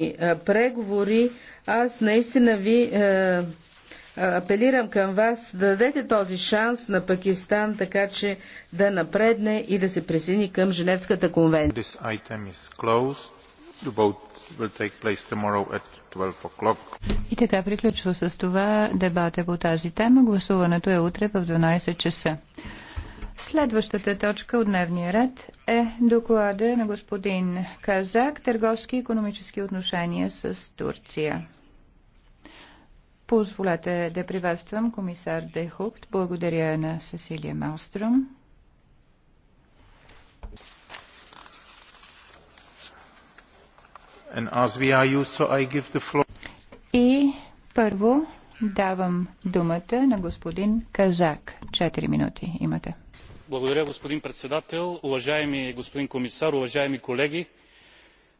Е, преговори, аз наистина ви е, апелирам към вас да дадете този шанс на Пакистан, така че да напредне и да се присъедини към Женевската конвенция. И така приключва с това дебата по тази тема. Гласуването е утре в 12 часа. Следващата точка от дневния ред е доклада на господин Казак Търговски и економически отношения с Турция. Позволете да приветствам комисар Дехукт. Благодаря на Сесилия Малстром. И първо давам думата на господин Казак. Четири минути имате господин председател уважаеми господин комисар уважаеми колеги!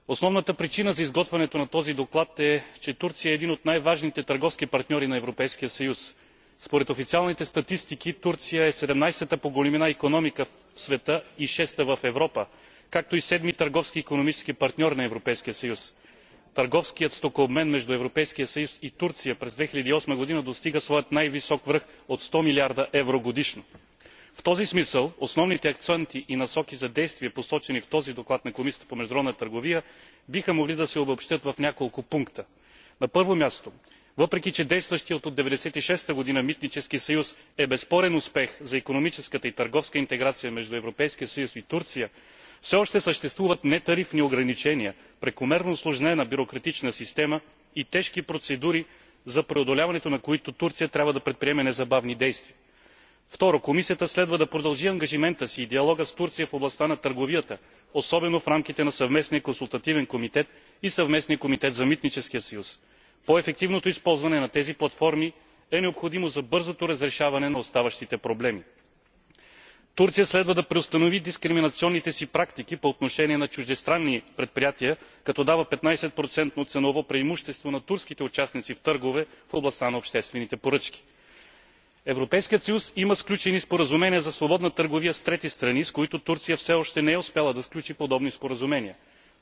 основната причина за изготвянето на този доклад е че турция е един от най важните търговски партньори на европейския съюз. според официалните статистики турция е седемнадесета по големина икономика в света и шеста в европа както и седми търговски и икономически партньор на европейския съюз. търговският стокообмен между европейския съюз и турция през две хиляди и г. достига своя най висок връх от сто милиарда евро годишно в този смисъл основните акценти и насоки за действие посочени в този доклад на комисията по международна търговия биха могли да се обобщят в няколко пункта. на първо място въпреки че действащият от one thousand nine г. митнически съюз е безспорен успех за икономическата и търговска интеграция между европейския съюз и турция все още съществуват нетарифни ограничения прекомерно усложнена бюрократична система и тежки процедури за преодоляването на които турция трябва да предприеме незабавни действия второ комисията следва да продължи ангажимента си и диалога с турция в областта на търговията особено в рамките на съвместния консултативен комитет и съвместния комитет за митническия съюз. по ефективното използване на тези платформи е необходимо за бързото разрешаване на оставащите проблеми. турция следва да преустанови дискриминационните си практики по отношение на чуждестранни предприятия като дава петнадесет ценово преимущество на турските участници в търгове в областта на обществените поръчки европейският съюз има сключени споразумения за свободна търговия с трети страни с които турция все още не е успяла да сключи подобни споразумения.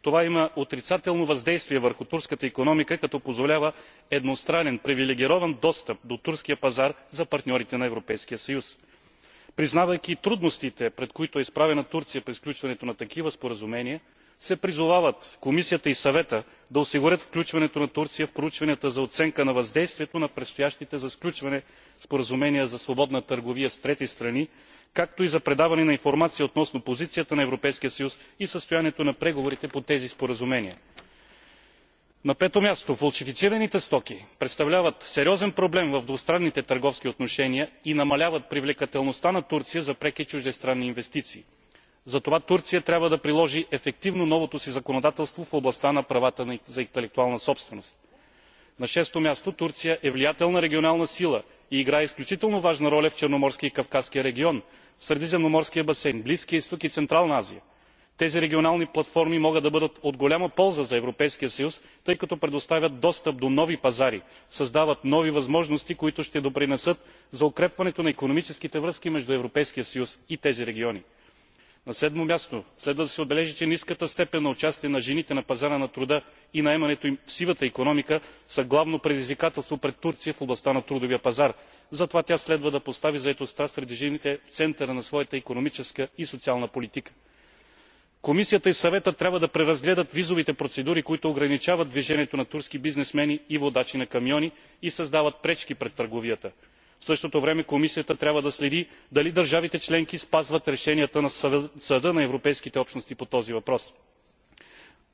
това има отрицателно въздействие върху турската икономика като позволява едностранен привилегирован достъп до турския пазар за партньорите на европейския съюз. признавайки трудностите пред които е изправена турция при сключването на такива споразумения се призовават комисията и съвета да осигурят включването на турция в проучванията за оценка на въздействието на предстоящите за сключване споразумения за свободна търговия с трети страни както и за предаване на информация относно позицията на европейския съюз и състоянието на преговорите по тези споразумения. на пето място фалшифицираните стоки представляват сериозен проблем в двустранните търговски отношения и намаляват привлекателността на турция за преки чуждестранни инвестиции затова турция трябва да приложи ефективно новото си законодателство в областта на правата за интелектуална собственост. на шесто място турция е влиятелна регионална сила и играе изключително важна роля в черноморския и кавказския регион в средиземноморския басейн близкия изток и централна азия. тези регионални платформи могат да бъдат от голяма полза за европейския съюз тъй като предоставят достъп до нови пазари създават нови възможности които ще допринесат за укрепването на икономическите връзки между европейския съюз и тези региони на седмо място следва да се отбележи че ниската степен на участие на жените на пазара на труда и наемането им в сивата икономика са главно предизвикателство пред турция в областта на трудовия пазар затова тя следва да постави заетостта сред жените в центъра на своята икономическа и социална политика. комисията и съветът трябва да преразгледат визовите процедури които ограничават движението на турски бизнесмени и водачи на камиони и създават пречки пред търговията в същото време комисията трябва да следи дали държавите членки спазват решенията на съда на европейските общности по този въпрос.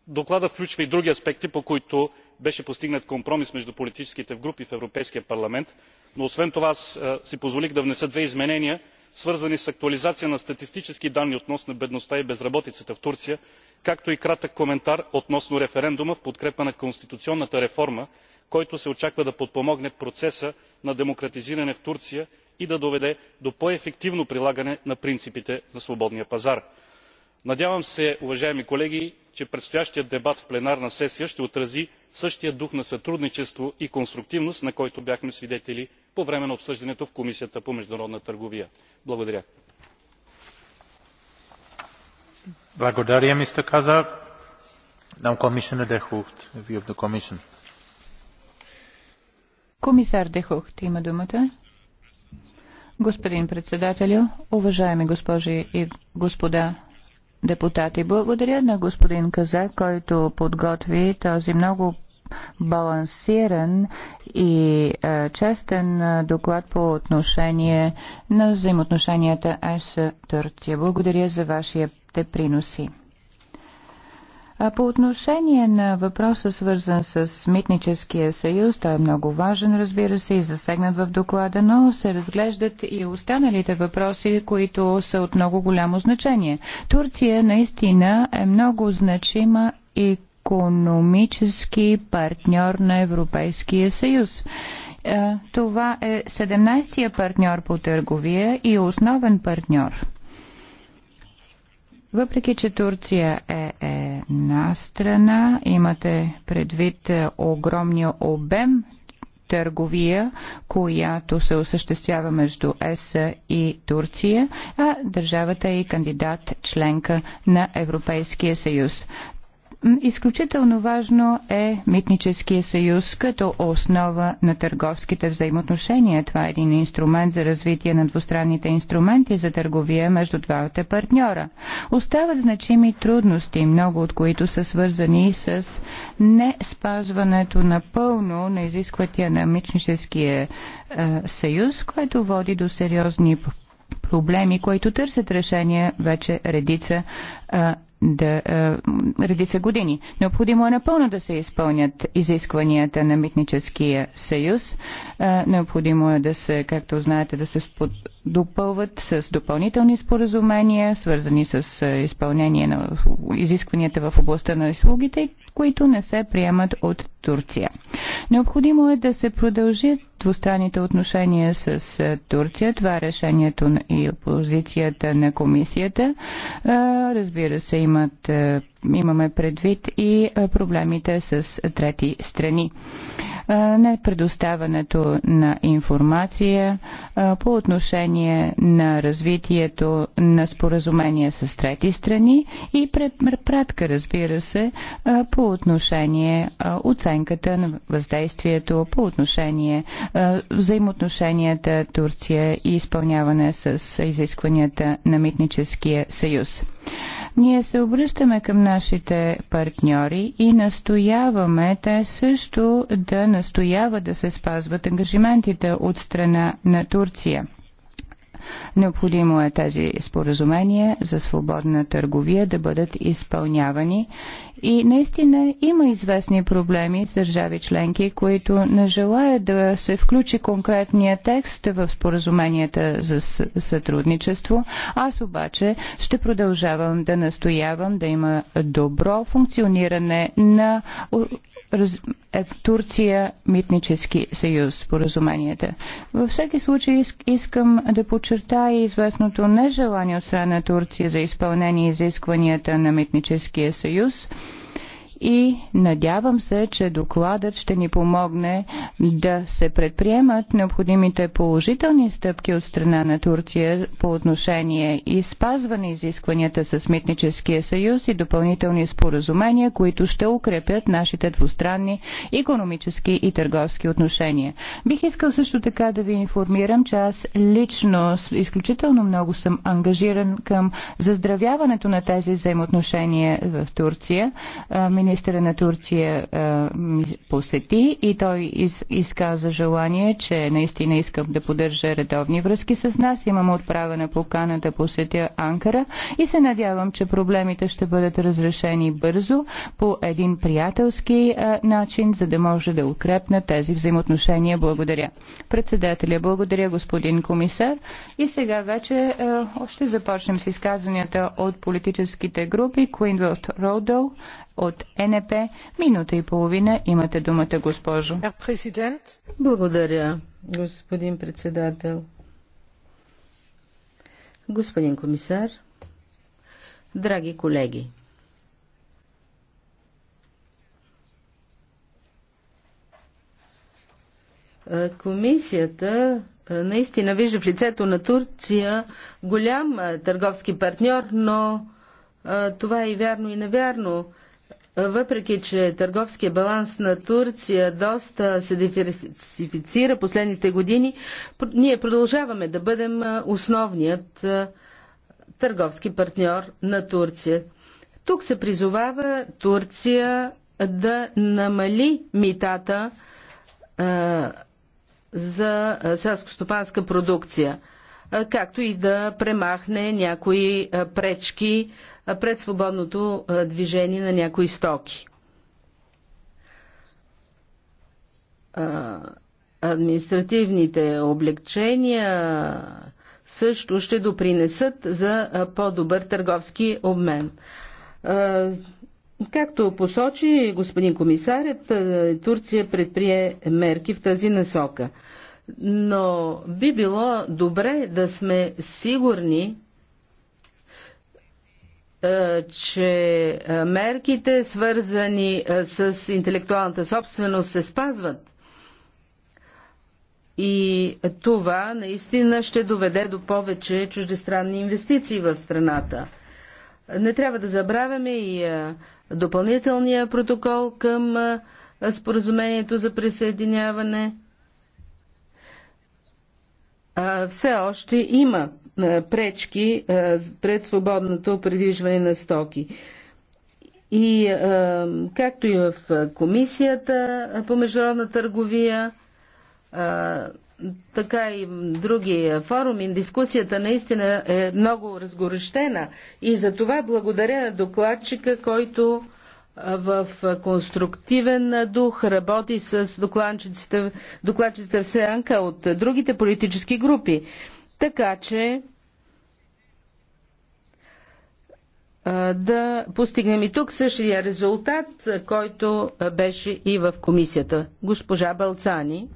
докладът включва и други аспекти по които беше постигнат компромис между политическите групи в европейския парламент но освен това аз си позволих да внеса две изменения свързани с актуализация на статистически данни относно бедността и безработицата в турция както и кратък коментар относно референдума в подкрепа на конституционната реформа който се очаква да подпомогне процеса на демократизиране в турция и да доведе до по ефективно прилагане на принципите на свободния пазар. надявам се уважаеми колеги че предстоящият дебат в пленарната сесия ще отрази същия дух на сътрудничество и конструктивност на който бяхме свидетели по време на обсъждането в комисията по международна търговия. благодаря. Комисар ти има думата. Господин председателю, уважаеми госпожи и господа депутати, благодаря на господин Каза, който подготви този много балансиран и е, честен доклад по отношение на взаимоотношенията С турция Благодаря за вашите приноси. По отношение на въпроса, свързан с Митническия съюз, той е много важен, разбира се, и засегнат в доклада, но се разглеждат и останалите въпроси, които са от много голямо значение. Турция наистина е много значима економически партньор на Европейския съюз. Е, това е 17-я партньор по търговия и основен партньор. Въпреки, че Турция е една страна, имате предвид е, огромния обем търговия, която се осъществява между ЕС и Турция, а държавата е и кандидат членка на Европейския съюз. Изключително важно е митническия съюз като основа на търговските взаимоотношения. Това е един инструмент за развитие на двустранните инструменти за търговия между двата партньора. Остават значими трудности, много от които са свързани с не спазването напълно на изисквания на митническия е, съюз, което води до сериозни проблеми, които търсят решение вече редица а, е, да, е, редица години. Необходимо е напълно да се изпълнят изискванията на Митническия съюз. Е, необходимо е да се, както знаете, да се спод... допълват с допълнителни споразумения, свързани с е, изпълнение на изискванията в областта на услугите, които не се приемат от Турция. Необходимо е да се продължи двустранните отношения с е, Турция. Това е решението и опозицията на комисията. Е, разбира се, имат е, имаме предвид и проблемите с трети страни. Не предоставянето на информация по отношение на развитието на споразумения с трети страни и препратка, разбира се, по отношение оценката на въздействието, по отношение взаимоотношенията Турция и изпълняване с изискванията на Митническия съюз. Ние се обръщаме към нашите партньори и настояваме те също да настояват да се спазват ангажиментите от страна на Турция. Необходимо е тези споразумения за свободна търговия да бъдат изпълнявани и наистина има известни проблеми с държави членки, които не желаят да се включи конкретния текст в споразуменията за сътрудничество. Аз обаче ще продължавам да настоявам да има добро функциониране на е, Турция митнически съюз споразуменията. Във всеки случай искам да подчертая известното нежелание от страна на Турция за изпълнение изискванията на митническия съюз и надявам се, че докладът ще ни помогне да се предприемат необходимите положителни стъпки от страна на Турция по отношение и спазване изискванията с Митническия съюз и допълнителни споразумения, които ще укрепят нашите двустранни економически и търговски отношения. Бих искал също така да ви информирам, че аз лично изключително много съм ангажиран към заздравяването на тези взаимоотношения в Турция министъра на Турция посети и той из, изказа желание, че наистина искам да поддържа редовни връзки с нас. Имам отправена покана да посетя Анкара и се надявам, че проблемите ще бъдат разрешени бързо по един приятелски начин, за да може да укрепна тези взаимоотношения. Благодаря. Председателя, благодаря господин комисар. И сега вече още започнем с изказванията от политическите групи. Куинвелт Родол от НП. Минута и половина имате думата, госпожо. Благодаря, господин председател. Господин комисар, драги колеги, Комисията наистина вижда в лицето на Турция голям търговски партньор, но това е и вярно и невярно. Въпреки, че търговския баланс на Турция доста се диверсифицира последните години, ние продължаваме да бъдем основният търговски партньор на Турция. Тук се призовава Турция да намали митата за селскостопанска продукция, както и да премахне някои пречки пред свободното движение на някои стоки. Административните облегчения също ще допринесат за по-добър търговски обмен. Както посочи господин комисарят, Турция предприе мерки в тази насока. Но би било добре да сме сигурни, е, че е, мерките, свързани е, с интелектуалната собственост, се спазват. И това наистина ще доведе до повече чуждестранни инвестиции в страната. Не трябва да забравяме и допълнителния протокол към споразумението за присъединяване. Все още има е, пречки е, пред свободното придвижване на стоки. И е, както и в Комисията по международна търговия, така и други форуми, дискусията наистина е много разгорещена и за това благодаря на докладчика, който в конструктивен дух работи с докладчиците, докладчиците в Сеанка от другите политически групи. Така че да постигнем и тук същия резултат, който беше и в комисията. Госпожа Балцани.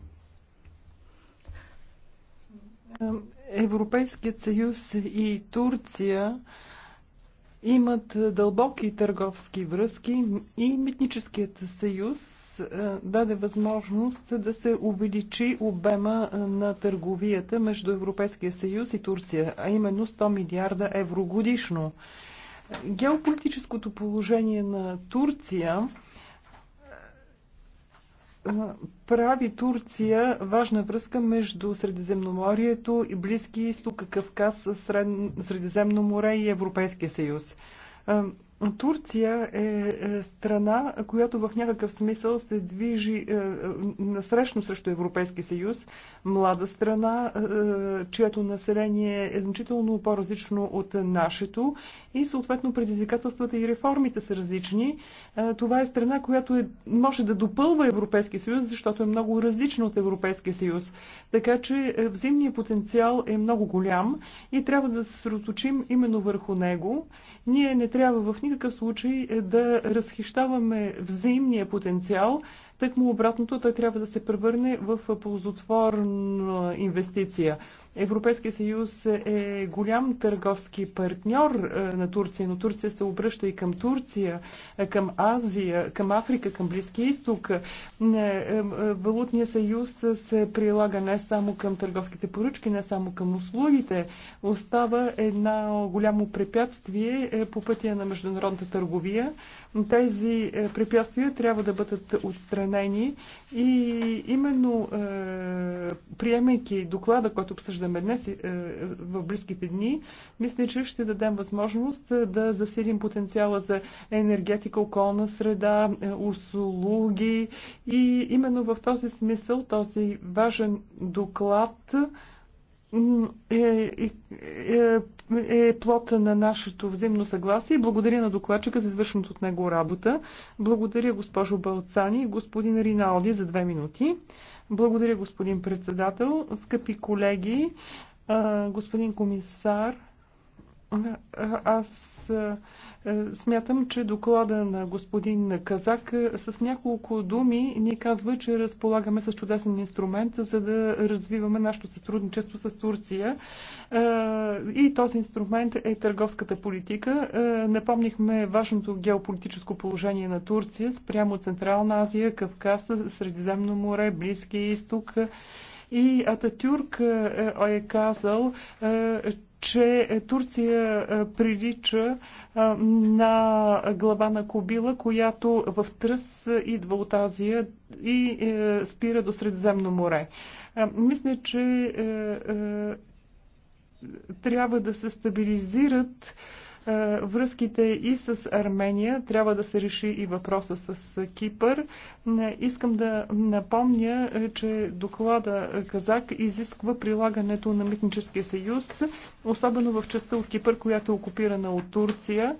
Европейският съюз и Турция имат дълбоки търговски връзки и Митническият съюз даде възможност да се увеличи обема на търговията между Европейския съюз и Турция, а именно 100 милиарда евро годишно. Геополитическото положение на Турция е, прави Турция важна връзка между Средиземноморието и Близки изток, Кавказ, Средиземно море и Европейския съюз. Е, Турция е, е страна, която в някакъв смисъл се движи е, насрещно срещу Европейски съюз. Млада страна, е, чието население е значително по-различно от нашето и съответно предизвикателствата и реформите са различни. Това е страна, която е, може да допълва Европейски съюз, защото е много различна от Европейския съюз. Така че взимният потенциал е много голям и трябва да се съсредоточим именно върху него. Ние не трябва в никакъв случай е да разхищаваме взаимния потенциал. Так му обратното, той трябва да се превърне в ползотворна инвестиция. Европейския съюз е голям търговски партньор е, на Турция, но Турция се обръща и към Турция, е, към Азия, към Африка, към Близкия изток. Е, Валутният съюз се прилага не само към търговските поръчки, не само към услугите. Остава едно голямо препятствие по пътя на международната търговия. Тези е, препятствия трябва да бъдат отстранени и именно е, приемайки доклада, който обсъждаме днес е, в близките дни, мисля, че ще дадем възможност да засилим потенциала за енергетика, околна среда, услуги и именно в този смисъл този важен доклад е, е, е, е плота на нашето взаимно съгласие. Благодаря на докладчика за извършеното от него работа. Благодаря госпожо Балцани и господин Риналди за две минути. Благодаря господин председател, скъпи колеги, господин комисар. Аз е, смятам, че доклада на господин Казак е, с няколко думи ни казва, че разполагаме с чудесен инструмент, за да развиваме нашето сътрудничество с Турция. Е, и този инструмент е търговската политика. Напомнихме важното геополитическо положение на Турция спрямо Централна Азия, Кавказ, Средиземно море, Близкия изток. И Ататюрк е казал, че Турция прилича на глава на кобила, която в тръс идва от Азия и е, спира до Средиземно море. Мисля, че е, е, трябва да се стабилизират е, връзките и с Армения. Трябва да се реши и въпроса с е, Кипър. Искам да напомня, е, че доклада Казак изисква прилагането на Митническия съюз, особено в частта от Кипър, която е окупирана от Турция.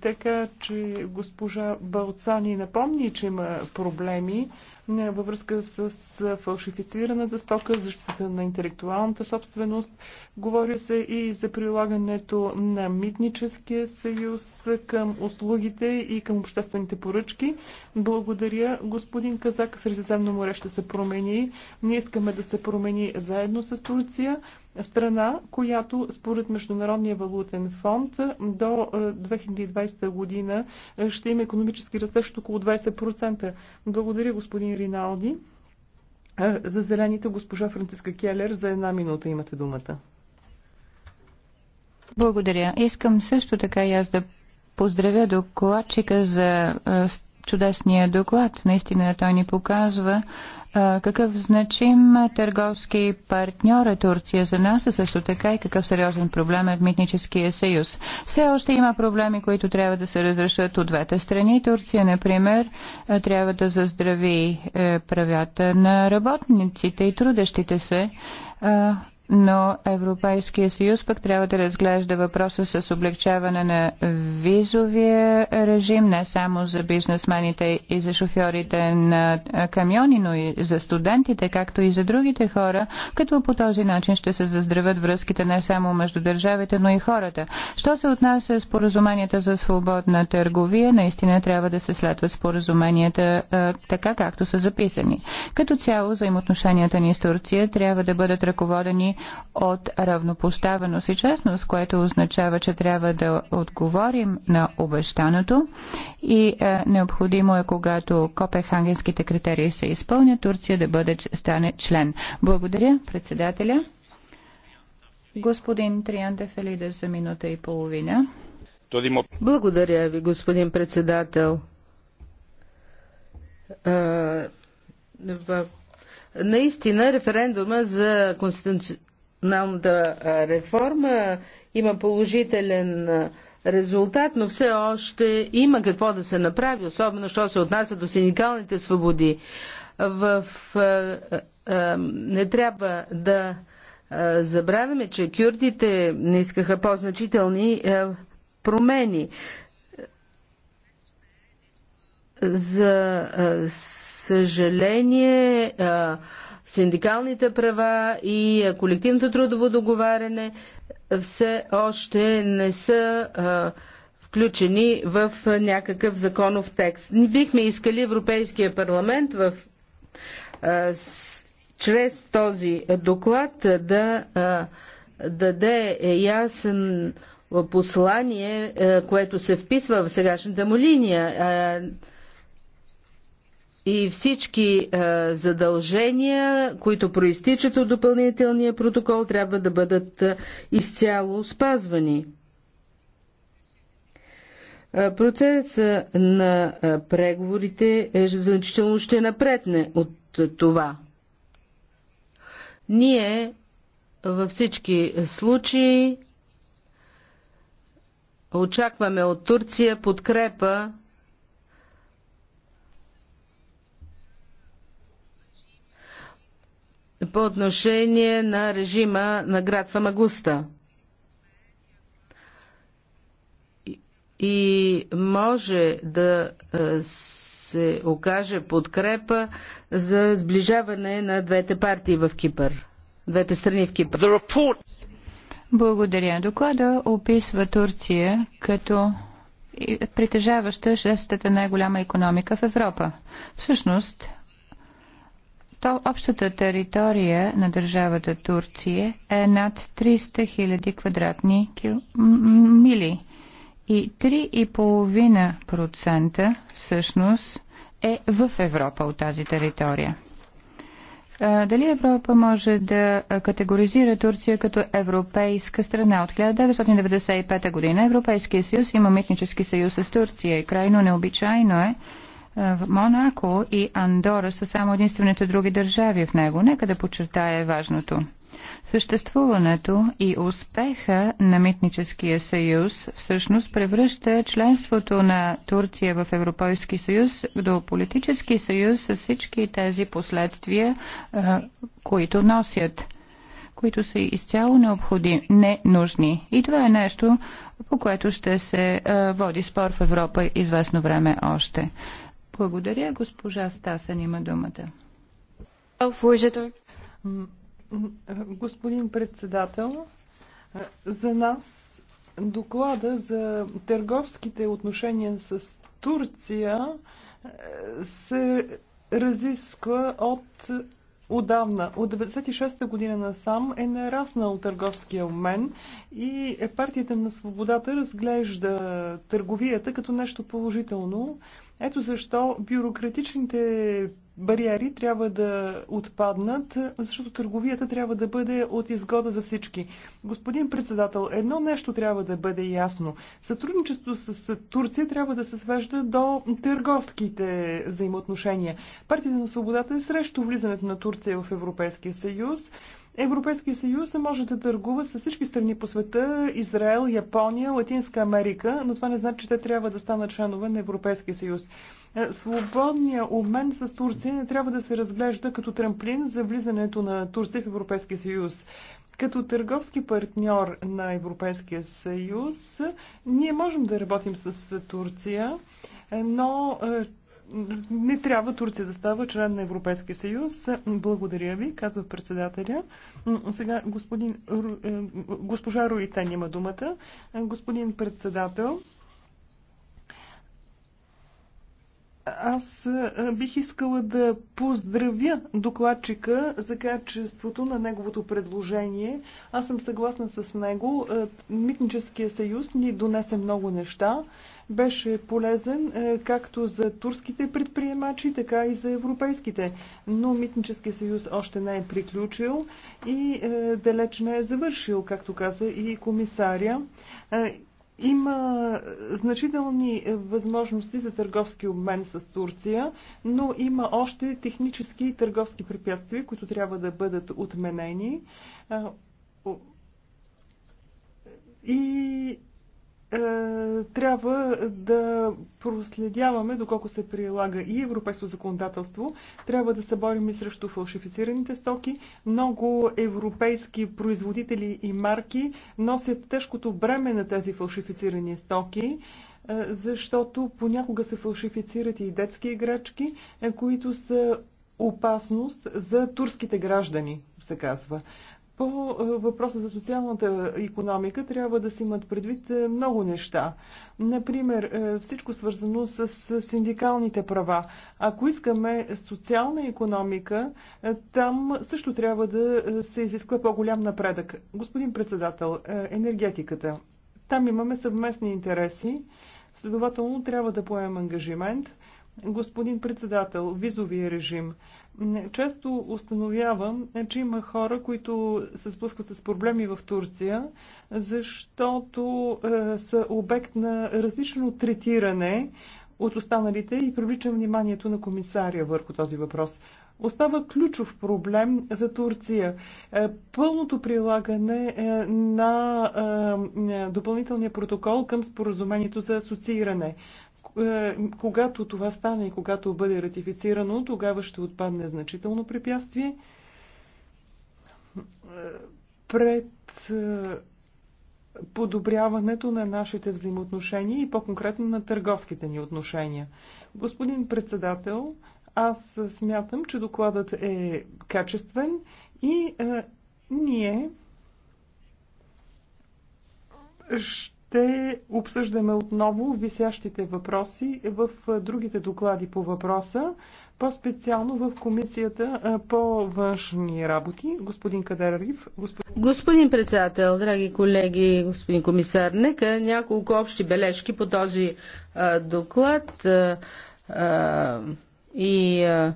Така че госпожа Балцани напомни, че има проблеми във връзка с фалшифицираната стока, защита на интелектуалната собственост. Говори се и за прилагането на митническия съюз към услугите и към обществените поръчки. Благодаря, господин Казак. Средиземно море ще се промени. Ние искаме да се промени заедно с Турция. Страна, която според Международния валутен фонд до 2020 е, година ще има економически растеж около 20%. Благодаря, господин Риналди. Е, за зелените госпожа Франциска Келер за една минута имате думата. Благодаря. Искам също така и аз да поздравя докладчика за е, чудесния доклад. Наистина той ни показва а, какъв значим търговски партньор е Турция за нас, а също така и какъв сериозен проблем е в Митническия съюз. Все още има проблеми, които трябва да се разрешат от двете страни. Турция, например, трябва да заздрави е, правята на работниците и трудещите се. А, но Европейския съюз пък трябва да разглежда въпроса с облегчаване на визовия режим, не само за бизнесмените и за шофьорите на камиони, но и за студентите, както и за другите хора, като по този начин ще се заздравят връзките не само между държавите, но и хората. Що се отнася с поразуменията за свободна търговия, наистина трябва да се следват споразуменията е, така, както са записани. Като цяло, взаимоотношенията ни с Турция трябва да бъдат ръководени от равнопоставеност и честност, което означава, че трябва да отговорим на обещаното и е, необходимо е, когато копехангенските критерии се изпълнят, Турция да бъде стане член. Благодаря, председателя. Господин Триантеф Елида за минута и половина. Благодаря ви, господин председател. Наистина референдума за конституци националната реформа има положителен резултат, но все още има какво да се направи, особено що се отнася до синдикалните свободи. В, не трябва да забравяме, че кюрдите не искаха по-значителни промени. За съжаление, синдикалните права и колективното трудово договаряне все още не са включени в някакъв законов текст. Не бихме искали Европейския парламент в, а, с, чрез този доклад да а, даде ясен послание, което се вписва в сегашната му линия и всички е, задължения, които проистичат от допълнителния протокол, трябва да бъдат е, изцяло спазвани. Е, процеса на преговорите значително ще напредне от това. Ние във всички случаи очакваме от Турция подкрепа по отношение на режима на град Фамагуста. И може да се окаже подкрепа за сближаване на двете партии в Кипър, двете страни в Кипър. Благодаря. Доклада описва Турция като притежаваща шестата най-голяма економика в Европа. Всъщност, то общата територия на държавата Турция е над 300 000 квадратни мили и 3,5% всъщност е в Европа от тази територия. Дали Европа може да категоризира Турция като европейска страна? От 1995 година Европейския съюз има митнически съюз с Турция и крайно необичайно е в Монако и Андора са само единствените други държави в него. Нека да подчертая важното. Съществуването и успеха на Митническия съюз всъщност превръща членството на Турция в Европейски съюз до политически съюз с всички тези последствия, които носят които са изцяло необходими, не нужни. И това е нещо, по което ще се води спор в Европа известно време още. Благодаря. Госпожа Стасен има думата. Господин председател, за нас доклада за търговските отношения с Турция се разисква от отдавна, от 96-та година насам е нараснал търговския обмен и партията на свободата разглежда търговията като нещо положително. Ето защо бюрократичните бариери трябва да отпаднат, защото търговията трябва да бъде от изгода за всички. Господин председател, едно нещо трябва да бъде ясно. Сътрудничество с Турция трябва да се свежда до търговските взаимоотношения. Партията на свободата е срещу влизането на Турция в Европейския съюз. Европейския съюз може да търгува с всички страни по света Израел, Япония, Латинска Америка, но това не значи, че те трябва да станат членове на Европейския съюз. Е, Свободният обмен с Турция не трябва да се разглежда като трамплин за влизането на Турция в Европейския съюз. Като търговски партньор на Европейския съюз, ние можем да работим с Турция, но е, не трябва Турция да става член на Европейския съюз. Благодаря ви, казва председателя. Сега господин, е, госпожа Руитен има думата. Господин председател, Аз бих искала да поздравя докладчика за качеството на неговото предложение. Аз съм съгласна с него. Митническия съюз ни донесе много неща. Беше полезен както за турските предприемачи, така и за европейските. Но Митническия съюз още не е приключил и далеч не е завършил, както каза и комисаря. Има значителни възможности за търговски обмен с Турция, но има още технически и търговски препятствия, които трябва да бъдат отменени. И е, трябва да проследяваме доколко се прилага и европейско законодателство. Трябва да се борим и срещу фалшифицираните стоки. Много европейски производители и марки носят тежкото бреме на тези фалшифицирани стоки е, защото понякога се фалшифицират и детски играчки, е, които са опасност за турските граждани, се казва. По е, въпроса за социалната економика трябва да се имат предвид е, много неща. Например, е, всичко свързано с синдикалните права. Ако искаме социална економика, там също трябва да се изисква по-голям напредък. Господин председател, енергетиката. Там имаме съвместни интереси. Следователно трябва да поемем ангажимент. Господин председател, визовия режим. Често установявам, е, че има хора, които се спускат с проблеми в Турция, защото е, са обект на различно третиране от останалите и привличам вниманието на комисария върху този въпрос остава ключов проблем за Турция. Е, пълното прилагане на допълнителния протокол към споразумението за асоцииране. Е, когато това стане и когато бъде ратифицирано, тогава ще отпадне значително препятствие е, пред е, подобряването на нашите взаимоотношения и по-конкретно на търговските ни отношения. Господин председател, аз смятам, че докладът е качествен и е, ние ще ще обсъждаме отново висящите въпроси в другите доклади по въпроса, по-специално в комисията по външни работи. Господин Кадер Риф. Господин... господин председател, драги колеги, господин комисар, нека няколко общи бележки по този а, доклад а, а, и а,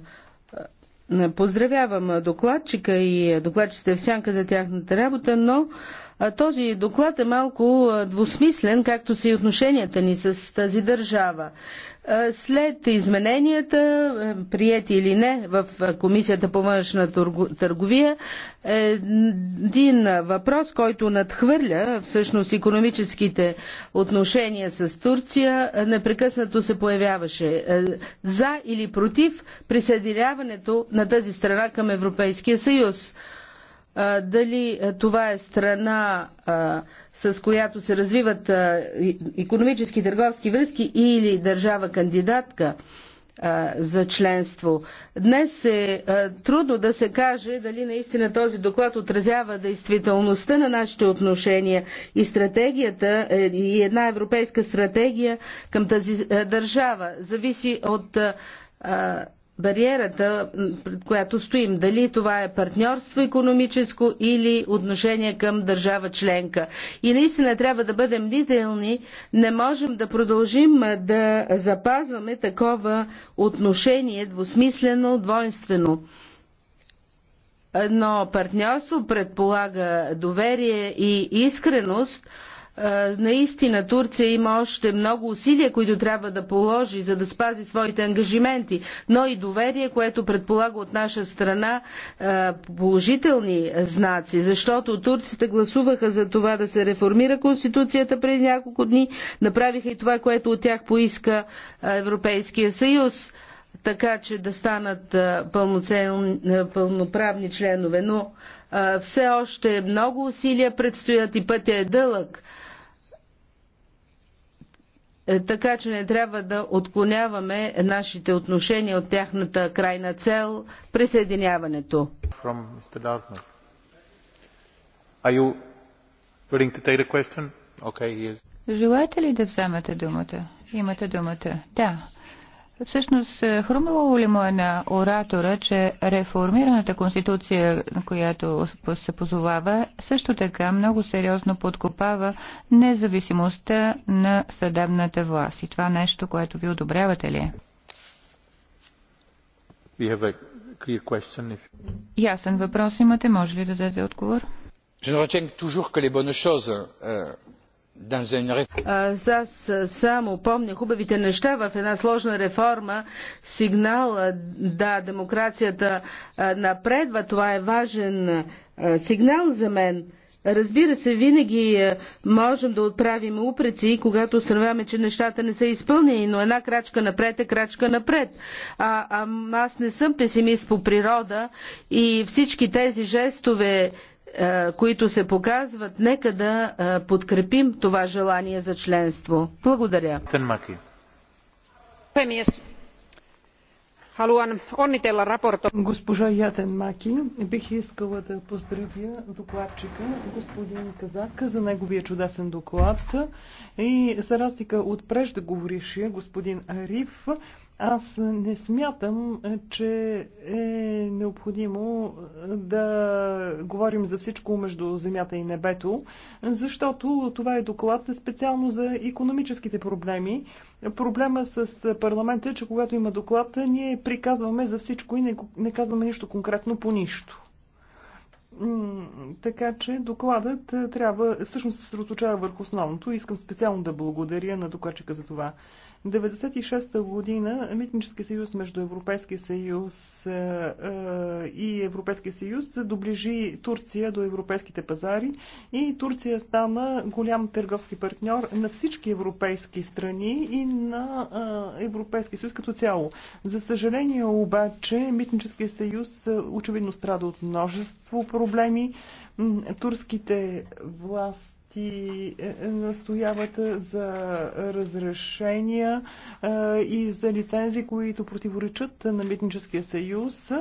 Поздравявам докладчика и докладчите в сянка за тяхната работа, но този доклад е малко двусмислен, както са и отношенията ни с тази държава. След измененията, прияти или не, в Комисията по външна търговия, един въпрос, който надхвърля всъщност економическите отношения с Турция, непрекъснато се появяваше. За или против присъединяването на тази страна към Европейския съюз дали това е страна, с която се развиват економически и търговски връзки или държава кандидатка за членство. Днес е трудно да се каже дали наистина този доклад отразява действителността на нашите отношения и стратегията е, и една европейска стратегия към тази държава. Зависи от бариерата, пред която стоим. Дали това е партньорство економическо или отношение към държава членка. И наистина трябва да бъдем бдителни. Не можем да продължим да запазваме такова отношение двусмислено, двойнствено. Но партньорство предполага доверие и искреност – е, наистина Турция има още много усилия, които трябва да положи, за да спази своите ангажименти, но и доверие, което предполага от наша страна е, положителни знаци, защото турците гласуваха за това да се реформира Конституцията преди няколко дни, направиха и това, което от тях поиска е, Европейския съюз така че да станат пълноправни членове, но а, все още много усилия предстоят и пътя е дълъг. Е, така че не трябва да отклоняваме нашите отношения от тяхната крайна цел присъединяването. Желаете ли да вземете думата? Имате думата. Да. Всъщност, е, хрумало ли му е на оратора, че реформираната конституция, която се позовава, също така много сериозно подкопава независимостта на съдебната власт? И това нещо, което ви одобрявате ли е? Ясен въпрос имате, може ли да дадете отговор? Je ne retiens toujours que les bonnes choses. Euh, аз само помня хубавите неща в една сложна реформа. Сигнал да демокрацията напредва, това е важен сигнал за мен. Разбира се, винаги можем да отправим упреци, когато установяваме, че нещата не са изпълнени, но една крачка напред е крачка напред. А, а аз не съм песимист по природа и всички тези жестове е, които се показват, нека да е, подкрепим това желание за членство. Благодаря. Госпожа Ятен Маки, бих искала да поздравя докладчика, господин Казак, за неговия чудесен доклад и за разлика от преждеговорившия господин Ариф, аз не смятам, че е необходимо да говорим за всичко между земята и небето, защото това е доклад специално за економическите проблеми. Проблема с парламента е, че когато има доклад, ние приказваме за всичко и не, казваме нищо конкретно по нищо. Така че докладът трябва, всъщност се съсредоточава върху основното. Искам специално да благодаря на докладчика за това. 96-та година Митнически съюз между Европейски съюз и Европейски съюз се доближи Турция до европейските пазари и Турция стана голям търговски партньор на всички европейски страни и на Европейски съюз като цяло. За съжаление обаче Митнически съюз очевидно страда от множество проблеми. Турските власти власти е, е, настояват за разрешения е, и за лицензи, които противоречат на Митническия съюз.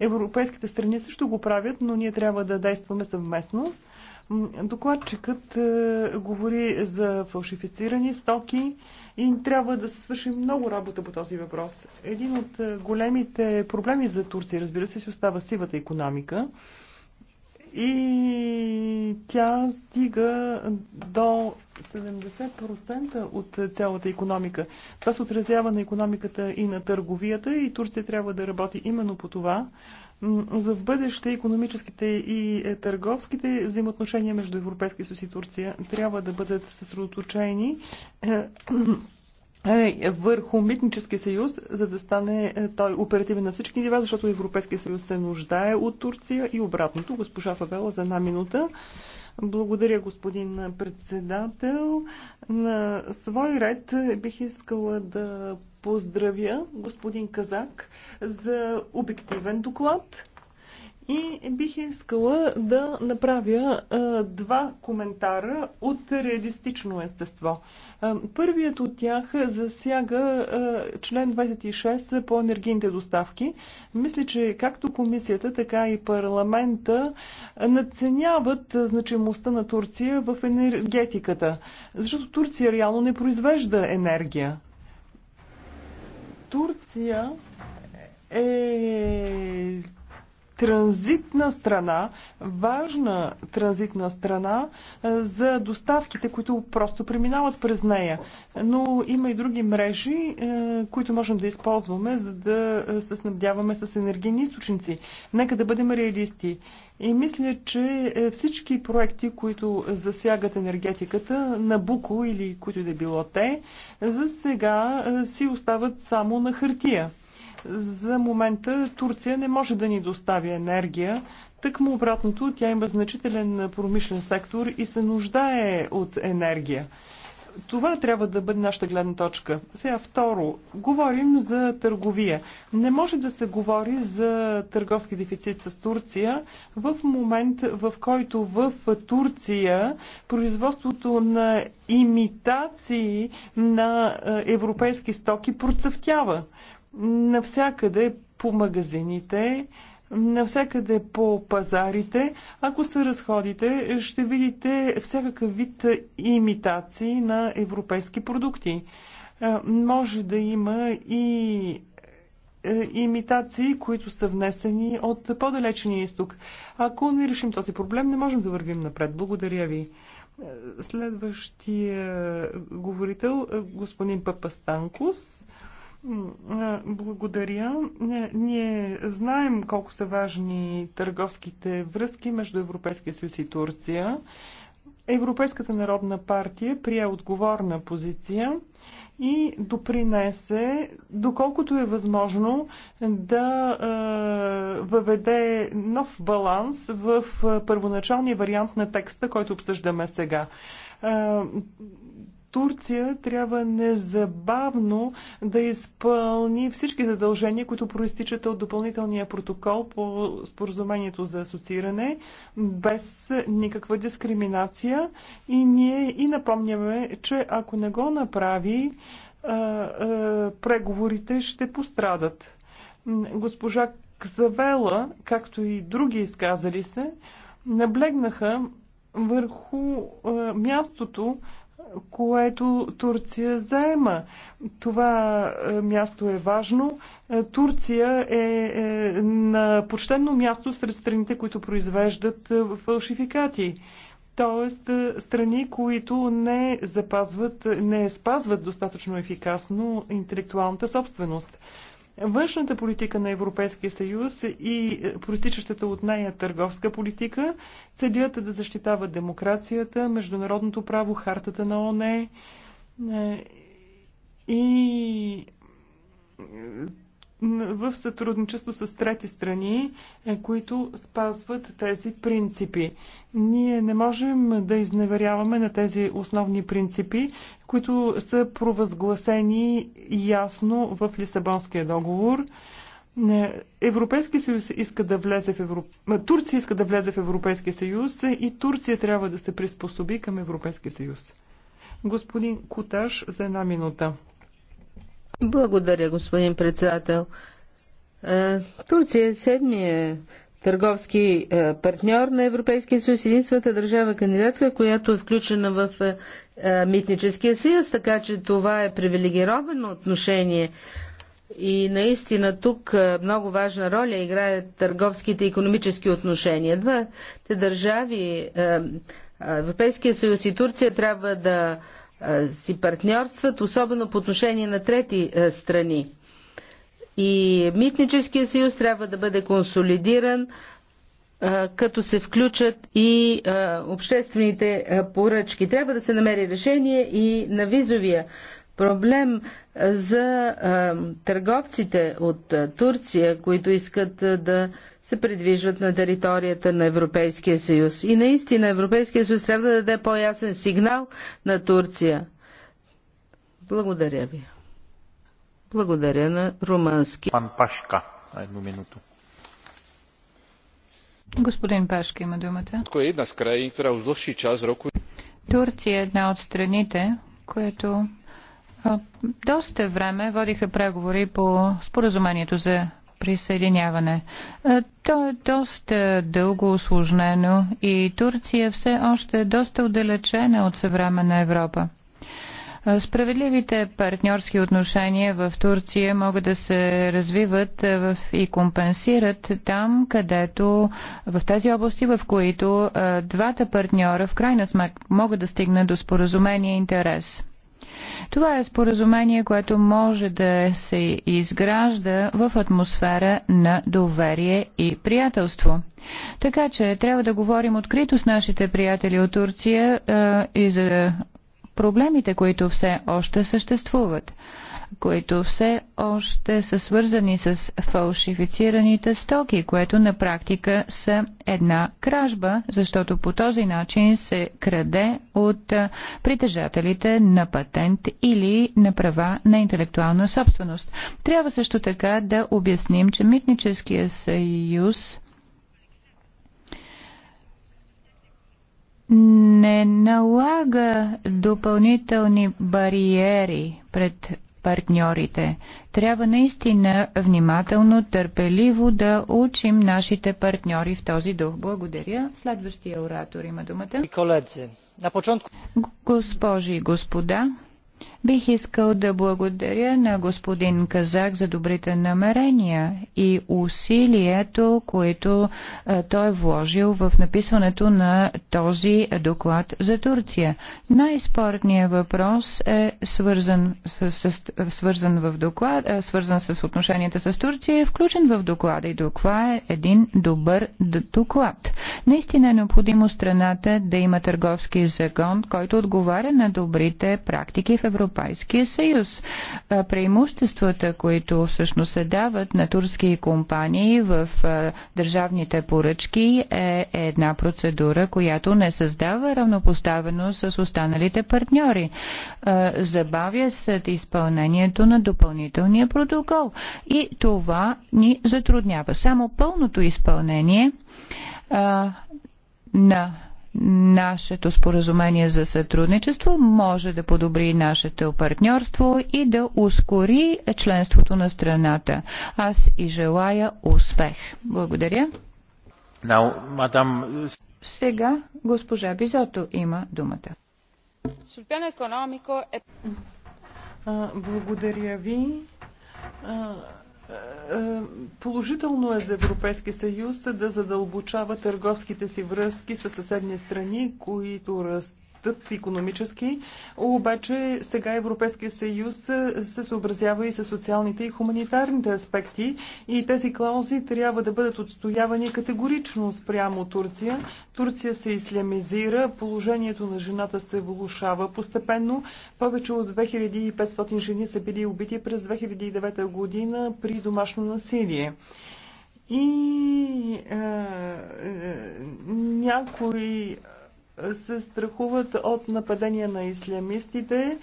Европейските страни също го правят, но ние трябва да действаме съвместно. Докладчикът говори за фалшифицирани стоки и трябва да се свърши много работа по този въпрос. Един от големите проблеми за Турция, разбира се, си остава сивата економика и тя стига до 70% от цялата економика. Това се отразява на економиката и на търговията и Турция трябва да работи именно по това. За в бъдеще економическите и е, търговските взаимоотношения между Европейския съюз и Турция трябва да бъдат съсредоточени е, е, върху митнически съюз, за да стане е, той оперативен на всички нива, защото Европейския съюз се нуждае от Турция и обратното. Госпожа Фавела за една минута. Благодаря, господин председател. На свой ред бих искала да поздравя господин Казак за обективен доклад и бих искала да направя а, два коментара от реалистично естество. А, първият от тях засяга а, член 26 по енергийните доставки. Мисля, че както комисията, така и парламента надценяват значимостта на Турция в енергетиката. Защото Турция реално не произвежда енергия. Турция е транзитна страна, важна транзитна страна е, за доставките, които просто преминават през нея. Но има и други мрежи, е, които можем да използваме, за да е, се снабдяваме с енергийни източници. Нека да бъдем реалисти. И мисля, че всички проекти, които засягат енергетиката, на Буко или които да било те, за сега си остават само на хартия. За момента Турция не може да ни достави енергия. Тъкмо обратното, тя има значителен промишлен сектор и се нуждае от енергия. Това трябва да бъде нашата гледна точка. Сега второ, говорим за търговия. Не може да се говори за търговски дефицит с Турция в момент, в който в Турция производството на имитации на е, европейски стоки процъфтява навсякъде по магазините, навсякъде по пазарите. Ако се разходите, ще видите всякакъв вид имитации на европейски продукти. Може да има и е, имитации, които са внесени от по-далечния изток. Ако не решим този проблем, не можем да вървим напред. Благодаря ви. Следващия говорител, е, господин Папастанкус. Благодаря. Ние знаем колко са важни търговските връзки между Европейския съюз и Турция. Европейската народна партия прие отговорна позиция и допринесе, доколкото е възможно, да е, въведе нов баланс в първоначалния вариант на текста, който обсъждаме сега Турция трябва незабавно да изпълни всички задължения, които проистичат от допълнителния протокол по споразумението за асоцииране, без никаква дискриминация. И ние и напомняме, че ако не го направи, преговорите ще пострадат. Госпожа Ксавела, както и други изказали се, наблегнаха върху мястото, което Турция заема. Това е, място е важно. Е, Турция е, е на почтенно място сред страните, които произвеждат фалшификати. Тоест, страни, които не запазват, не спазват достатъчно ефикасно интелектуалната собственост. Външната политика на Европейския съюз и е, проистичащата от нея търговска политика целят да защитава демокрацията, международното право, хартата на ОНЕ и в сътрудничество с трети страни, е, които спазват тези принципи. Ние не можем да изневеряваме на тези основни принципи, които са провъзгласени ясно в Лисабонския договор. Европейски съюз иска да влезе в Европ... Турция иска да влезе в Европейския съюз и Турция трябва да се приспособи към Европейския съюз. Господин Куташ за една минута. Благодаря, господин председател. Е, Турция е седмия търговски е, партньор на Европейския съюз, единствената държава кандидатска, която е включена в е, Митническия съюз, така че това е привилегировано отношение. И наистина тук много важна роля играят търговските и економически отношения. Двете държави, Европейския съюз и Турция, трябва да си партньорстват, особено по отношение на трети страни. И Митническия съюз трябва да бъде консолидиран, като се включат и обществените поръчки. Трябва да се намери решение и на визовия проблем е, за е, търговците от е, Турция, които искат да се придвижват на територията на Европейския съюз. И наистина Европейския съюз трябва да даде по-ясен сигнал на Турция. Благодаря ви. Благодаря на румънски. Пан Пашка, едно минуто. Господин Пашка има думата. Кой е една с край, която уж час року? Турция е една от страните, която доста време водиха преговори по споразумението за присъединяване. То е доста дълго осложнено и Турция все още е доста отдалечена от съвременна Европа. Справедливите партньорски отношения в Турция могат да се развиват и компенсират там, където в тези области, в които двата партньора в крайна сметка могат да стигнат до споразумение и интерес. Това е споразумение, което може да се изгражда в атмосфера на доверие и приятелство. Така че трябва да говорим открито с нашите приятели от Турция е, и за проблемите, които все още съществуват които все още са свързани с фалшифицираните стоки, което на практика са една кражба, защото по този начин се краде от притежателите на патент или на права на интелектуална собственост. Трябва също така да обясним, че Митническия съюз не налага допълнителни бариери пред партньорите. Трябва наистина внимателно, търпеливо да учим нашите партньори в този дух. Благодаря. Следващия оратор има думата. Госпожи и господа, Бих искал да благодаря на господин Казак за добрите намерения и усилието, което а, той е вложил в написването на този доклад за Турция. Най-спортният въпрос е свързан, с, с, свързан, в доклад, а, свързан с отношенията с Турция и е включен в доклада. И това е един добър доклад. Наистина е необходимо страната да има търговски закон, който отговаря на добрите практики в Европа Европейския съюз. Преимуществата, които всъщност се дават на турски компании в държавните поръчки е една процедура, която не създава равнопоставено с останалите партньори. Забавя се изпълнението на допълнителния протокол и това ни затруднява. Само пълното изпълнение на нашето споразумение за сътрудничество може да подобри нашето партньорство и да ускори членството на страната. Аз и желая успех. Благодаря. Now, madam... Сега госпожа Бизото има думата. Благодаря ви. Е, е, положително е за Европейски съюз да задълбочава търговските си връзки с съседни страни, които растат растат економически, обаче сега Европейския съюз се съобразява и с социалните и хуманитарните аспекти и тези клаузи трябва да бъдат отстоявани категорично спрямо Турция. Турция се ислямизира, положението на жената се влушава постепенно. Повече от 2500 жени са били убити през 2009 година при домашно насилие. И е, е, някои се страхуват от нападения на ислямистите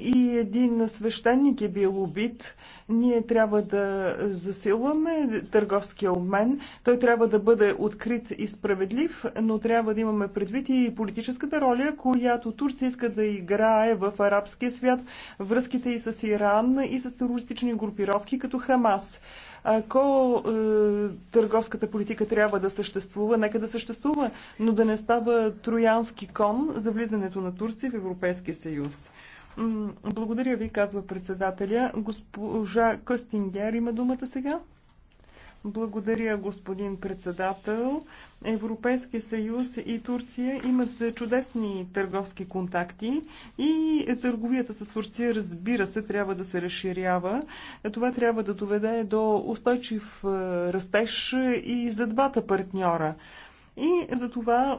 и един свещеник е бил убит. Ние трябва да засилваме търговския обмен. Той трябва да бъде открит и справедлив, но трябва да имаме предвид и политическата роля, която Турция иска да играе в арабския свят, връзките и с Иран, и с терористични групировки като Хамас. Ако е, търговската политика трябва да съществува, нека да съществува, но да не става троянски кон за влизането на Турция в Европейския съюз. Благодаря ви, казва председателя. Госпожа Къстингер има думата сега. Благодаря, господин председател. Европейския съюз и Турция имат чудесни търговски контакти и търговията с Турция, разбира се, трябва да се разширява. Това трябва да доведе до устойчив растеж и за двата партньора. И за това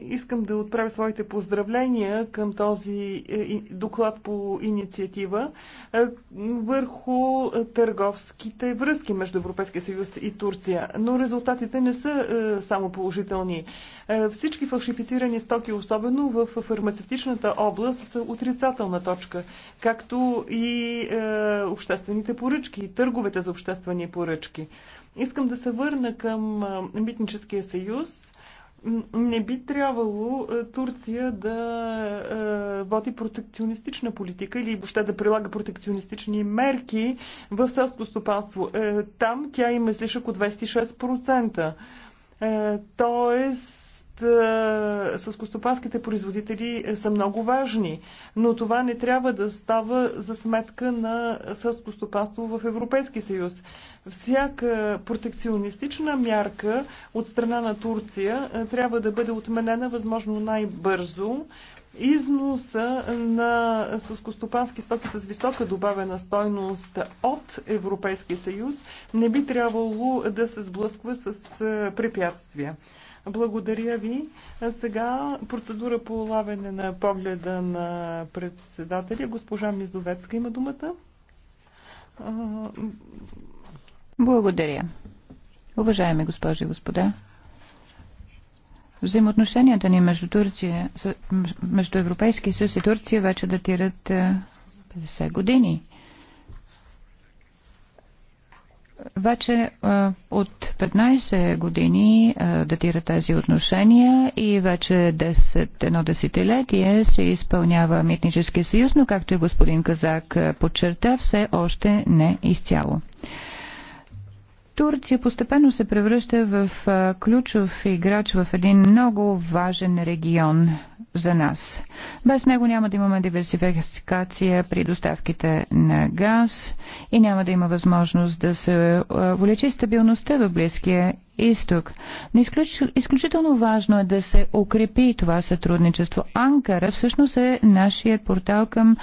искам да отправя своите поздравления към този е, доклад по инициатива е, върху търговските връзки между Европейския съюз и Турция. Но резултатите не са е, само положителни. Всички фалшифицирани стоки, особено в фармацевтичната област, са отрицателна точка, както и обществените поръчки, и търговете за обществени поръчки. Искам да се върна към митническия съюз. Не би трябвало Турция да води протекционистична политика или въобще да прилага протекционистични мерки в селско стопанство. Е, там тя има излишък от 26%. Е, тоест, съскостопанските производители е, са много важни, но това не трябва да става за сметка на съскостопанство в Европейски съюз. Всяка протекционистична мярка от страна на Турция е, трябва да бъде отменена възможно най-бързо. Износа на съскостопански стоки с висока добавена стойност от Европейския съюз не би трябвало да се сблъсква с е, препятствия. Благодаря ви. А сега процедура по лавене на погледа на председателя. Госпожа Мизовецка има думата. А... Благодаря. Уважаеми госпожи и господа, взаимоотношенията ни между, Турция, между Европейския съюз и Турция вече датират 50 години. Вече е, от 15 години е, датира тези отношения и вече 10, едно десетилетие се изпълнява Митнически съюз, но както и господин Казак е, подчерта, все още не изцяло. Турция постепенно се превръща в ключов играч в един много важен регион за нас – без него няма да имаме диверсификация при доставките на газ и няма да има възможност да се увеличи стабилността в Близкия изток. Но изключ... изключително важно е да се укрепи това сътрудничество. Анкара всъщност е нашият портал към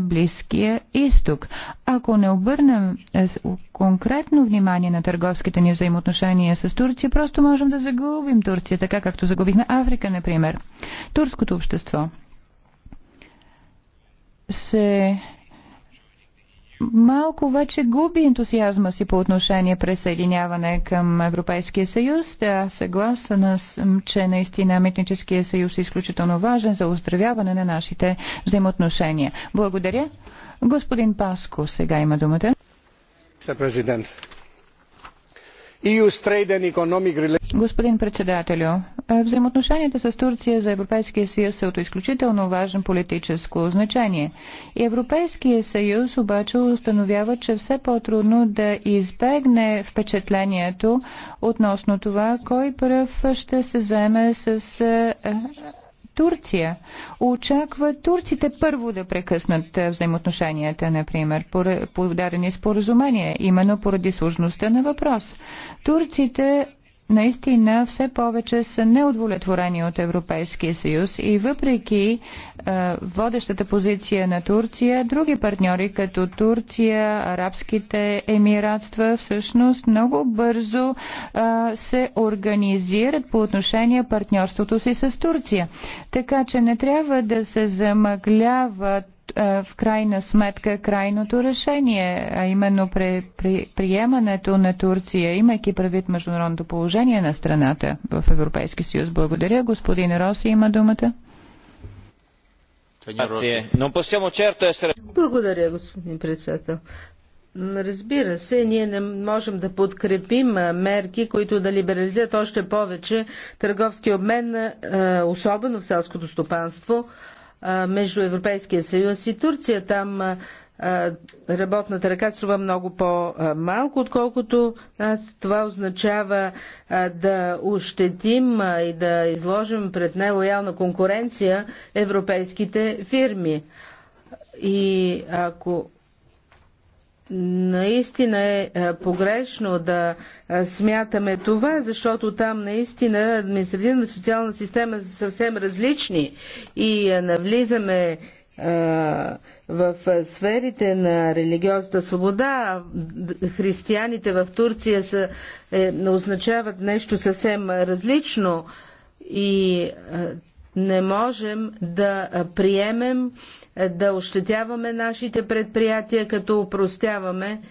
Близкия изток. Ако не обърнем конкретно внимание на търговските ни взаимоотношения с Турция, просто можем да загубим Турция, така както загубихме Африка, например. Турското общество се малко вече губи ентусиазма си по отношение присъединяване към Европейския съюз. Да, съгласна съм, че наистина Митническия съюз е изключително важен за оздравяване на нашите взаимоотношения. Благодаря. Господин Паско сега има думата. Президент. E Господин председателю, е, взаимоотношенията с Турция за Европейския съюз са от изключително важен политическо значение. Европейския съюз обаче установява, че все по-трудно да избегне впечатлението относно това, кой пръв ще се заеме с е, Турция очаква турците първо да прекъснат е, взаимоотношенията, например, по дадени споразумения, именно поради сложността на въпрос. Турците наистина все повече са неудовлетворени от Европейския съюз и въпреки е, водещата позиция на Турция, други партньори като Турция, Арабските емиратства всъщност много бързо е, се организират по отношение партньорството си с Турция. Така че не трябва да се замъгляват е, в крайна сметка крайното решение, а именно при, при, приемането на Турция, имайки предвид международното положение на страната в Европейски съюз. Благодаря. Господин Роси има думата. Благодаря, господин председател. Разбира се, ние не можем да подкрепим мерки, които да либерализират още повече търговски обмен, особено в селското стопанство, между Европейския съюз и Турция. Там работната ръка струва много по-малко, отколкото нас. Това означава да ощетим и да изложим пред нелоялна конкуренция европейските фирми. И ако Наистина е, е погрешно да е, смятаме това, защото там наистина административна и социална система са съвсем различни и е, навлизаме в сферите на религиозната свобода. Християните в Турция са, е, означават нещо съвсем различно и не можем да приемем да ощетяваме нашите предприятия, като упростяваме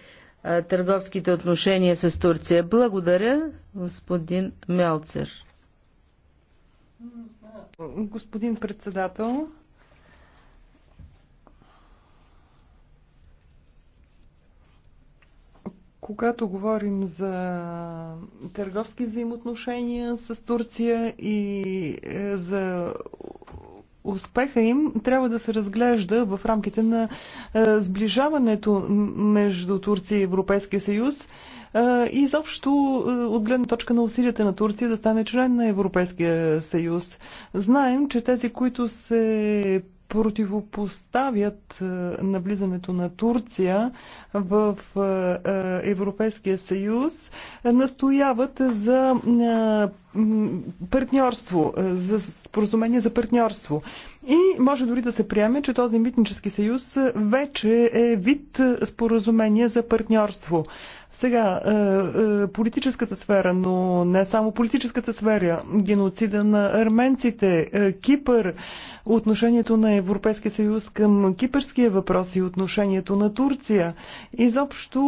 търговските отношения с Турция. Благодаря, господин Мелцер. Господин председател, Когато говорим за търговски взаимоотношения с Турция и е, за успеха им трябва да се разглежда в рамките на е, сближаването между Турция и Европейския съюз е, и изобщо от гледна точка на усилията на Турция да стане член на Европейския съюз. Знаем, че тези, които се противопоставят е, навлизането на Турция в е, е, Европейския съюз, настояват за партньорство, за споразумение за партньорство. И може дори да се приеме, че този митнически съюз вече е вид споразумение за партньорство. Сега, политическата сфера, но не само политическата сфера, геноцида на арменците, Кипър, отношението на Европейския съюз към кипърския въпрос и отношението на Турция. Изобщо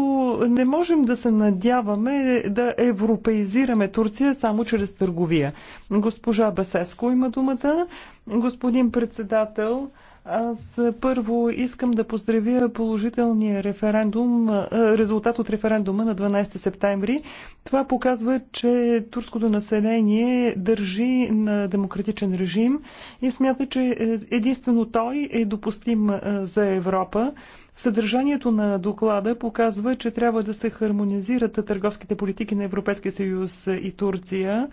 не можем да се надяваме да европеизираме Турция само чрез търговия. Госпожа Басеско има думата. Господин председател, аз първо искам да поздравя положителния референдум, резултат от референдума на 12 септември. Това показва, че турското население държи на демократичен режим и смята, че е, единствено той е допустим за Европа. Съдържанието на доклада показва, че трябва да се хармонизират търговските политики на Европейския съюз и Турция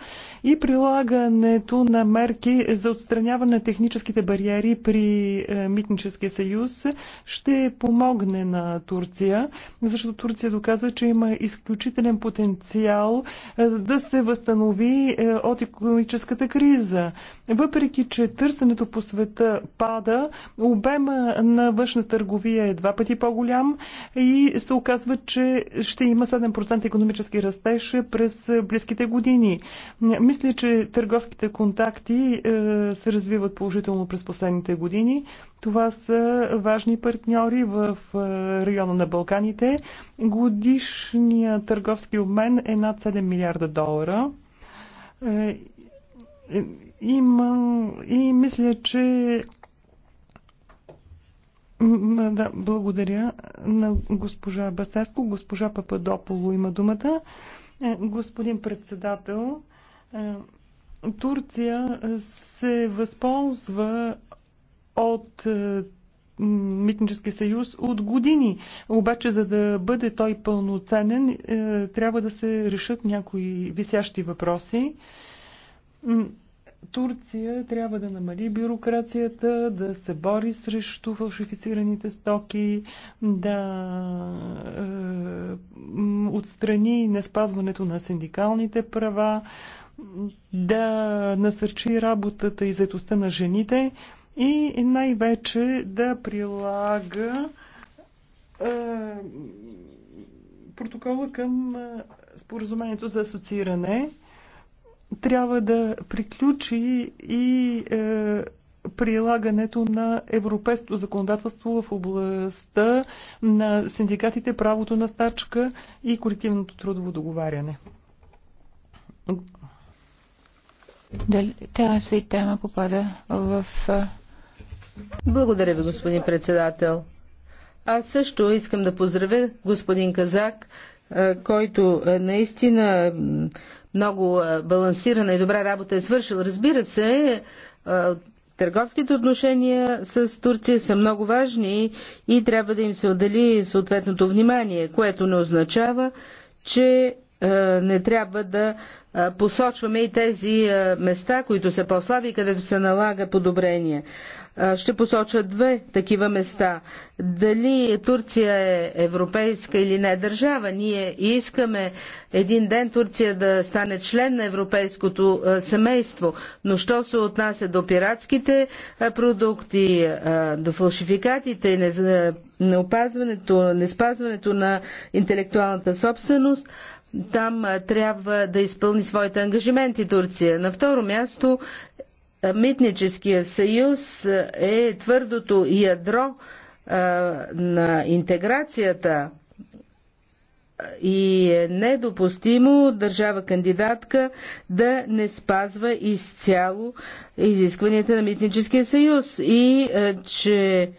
и прилагането на мерки за отстраняване на техническите бариери при е, Митническия съюз ще помогне на Турция, защото Турция доказа, че има изключителен потенциал е, да се възстанови е, от економическата криза. Въпреки, че търсенето по света пада, обема на външна търговия едва пъти по-голям и се оказва, че ще има 7% економически растеж през близките години. Мисля, че търговските контакти е, се развиват положително през последните години. Това са важни партньори в е, района на Балканите. Годишният търговски обмен е над 7 милиарда долара. Е, има, и мисля, че да, благодаря на госпожа Басеско. Госпожа Пападополо има думата. Е, господин председател, е, Турция се възползва от е, митнически съюз от години. Обаче, за да бъде той пълноценен, трябва да се решат някои висящи въпроси. Турция трябва да намали бюрокрацията, да се бори срещу фалшифицираните стоки, да е, отстрани неспазването на синдикалните права, да насърчи работата и заедостта на жените и най-вече да прилага е, протокола към е, споразумението за асоцииране трябва да приключи и е, прилагането на европейското законодателство в областта на синдикатите, правото на стачка и колективното трудово договаряне. Дали тази тема попада в... Е? Благодаря ви, господин председател. Аз също искам да поздравя господин Казак, е, който е, наистина много балансирана и добра работа е свършил. Разбира се, търговските отношения с Турция са много важни и трябва да им се отдели съответното внимание, което не означава, че е, не трябва да е, посочваме и тези е, места, които са по-слаби и където се налага подобрение. Ще посоча две такива места. Дали Турция е европейска или не държава, ние искаме един ден Турция да стане член на европейското семейство, но що се отнася до пиратските продукти, до фалшификатите, и неопазването, опазването, не спазването на интелектуалната собственост, там трябва да изпълни своите ангажименти Турция. На второ място, Митническия съюз е твърдото ядро на интеграцията и е недопустимо държава кандидатка да не спазва изцяло изискванията на Митническия съюз и че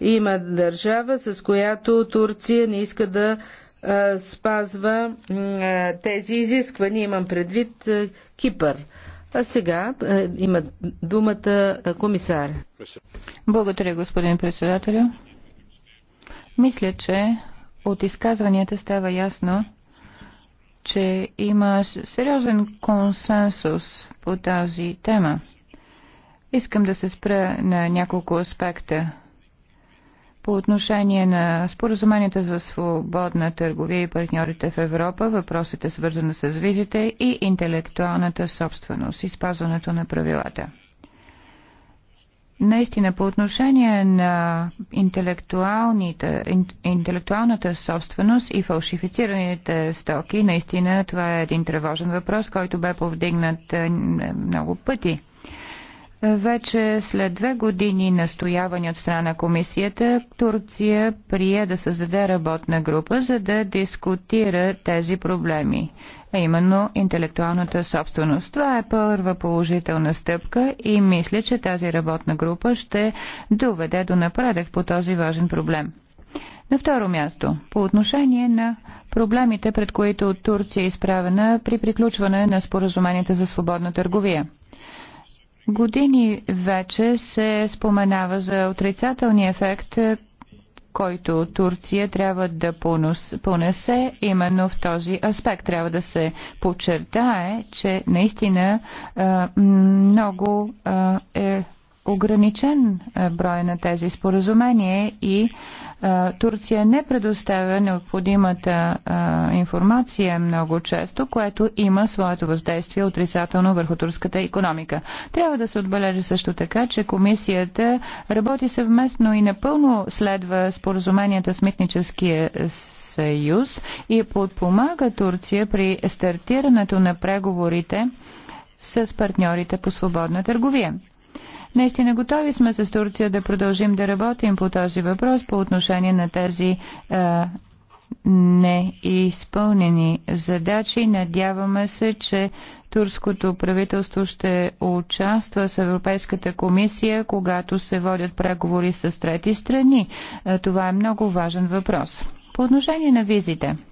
има държава, с която Турция не иска да спазва тези изисквания, имам предвид Кипър. А сега има думата комисар. Благодаря, господин председателю. Мисля, че от изказванията става ясно, че има сериозен консенсус по тази тема. Искам да се спра на няколко аспекта. По отношение на споразуменията за свободна търговия и партньорите в Европа, въпросите, свързани с визите и интелектуалната собственост и спазването на правилата. Наистина, по отношение на интелектуалната собственост и фалшифицираните стоки, наистина това е един тревожен въпрос, който бе повдигнат е, много пъти. Вече след две години настояване от страна на комисията, Турция прие да създаде работна група, за да дискутира тези проблеми, а именно интелектуалната собственост. Това е първа положителна стъпка и мисля, че тази работна група ще доведе до напредък по този важен проблем. На второ място, по отношение на проблемите, пред които Турция е изправена при приключване на споразуменията за свободна търговия – Години вече се споменава за отрицателния ефект, който Турция трябва да понесе именно в този аспект. Трябва да се подчертае, че наистина много е ограничен е, брой на тези споразумения и е, Турция не предоставя необходимата е, информация много често, което има своето въздействие отрицателно върху турската економика. Трябва да се отбележи също така, че комисията работи съвместно и напълно следва споразуменията с митническия съюз и подпомага Турция при стартирането на преговорите с партньорите по свободна търговия. Наистина готови сме с Турция да продължим да работим по този въпрос по отношение на тези а, е, неизпълнени задачи. Надяваме се, че турското правителство ще участва с Европейската комисия, когато се водят преговори с трети страни. Е, това е много важен въпрос. По отношение на визите –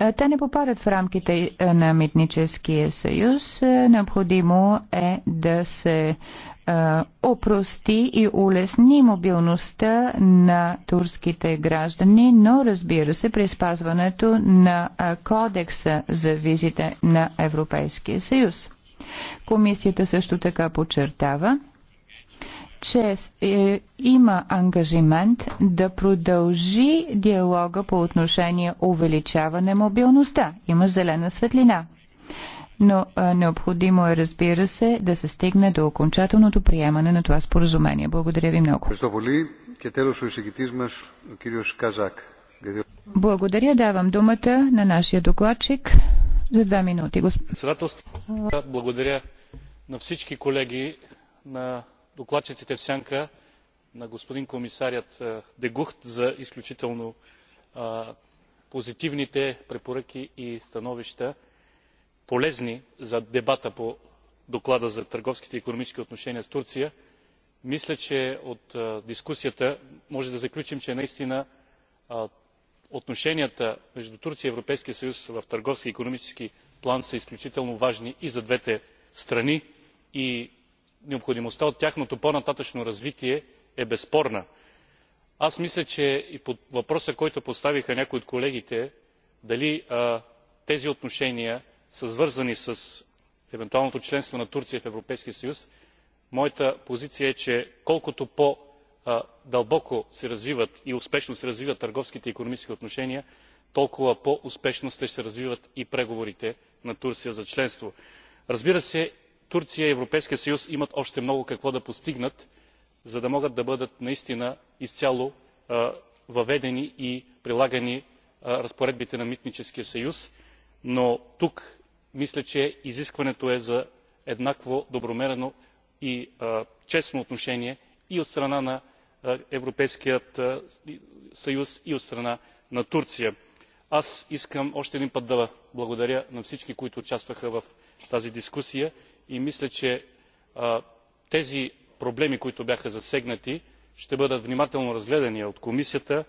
е, те не попадат в рамките е, на Митническия съюз. Е, необходимо е да се опрости и улесни мобилността на турските граждани, но разбира се при спазването на кодекса за визите на Европейския съюз. Комисията също така подчертава, че е, има ангажимент да продължи диалога по отношение увеличаване мобилността. Има зелена светлина. Но а, необходимо е, разбира се, да се стигне до окончателното приемане на това споразумение. Благодаря ви много. Благодаря. Давам думата на нашия докладчик за две минути. Госп... Благодаря на всички колеги на докладчиците в сянка на господин комисаря де гухт за изключително позитивните препоръки и становища полезни за дебата по доклада за търговските и икономически отношения с турция. мисля че от дискусията можем да заключим че наистина отношенията между турция и европейския съюз в търговски и икономически план са изключително важни и за двете страни и необходимостта от тяхното по нататъшно развитие е безспорна. аз мисля че и по въпроса който поставиха някои от колегите дали тези отношения са свързани с евентуалното членство на турция в европейския съюз моята позиция е че колкото по дълбоко и успешно се развиват търговските и икономически отношения толкова по успешно ще се развиват и преговорите на турция за членство. разбира се турция и европейският съюз имат още много какво да постигнат за да могат да бъдат наистина изцяло въведени и прилагани разпоредбите на митническия съюз но тук мисля че изискването е за еднакво добронамерено и честно отношение и от страна на европейския съюз и от страна на турция. аз искам още един път да благодаря на всички които участваха в тази дискусия и мисля че тези проблеми които бяха засегнати ще бъдат внимателно разгледани от комисията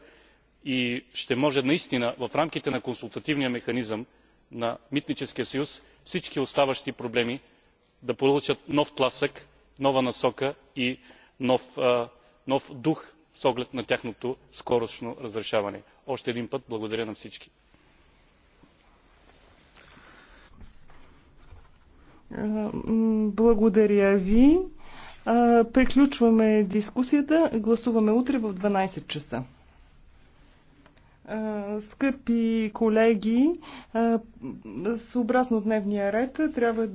и ще може наистина в рамките на консултативния механизъм на митническия съюз всички оставащи проблеми да получат нов тласък нова насока и нов дух с оглед на тяхното скорошно разрешаване. още един път благодаря на всички. Благодаря ви. Приключваме дискусията. Гласуваме утре в 12 часа. Скъпи колеги, съобразно дневния ред трябва да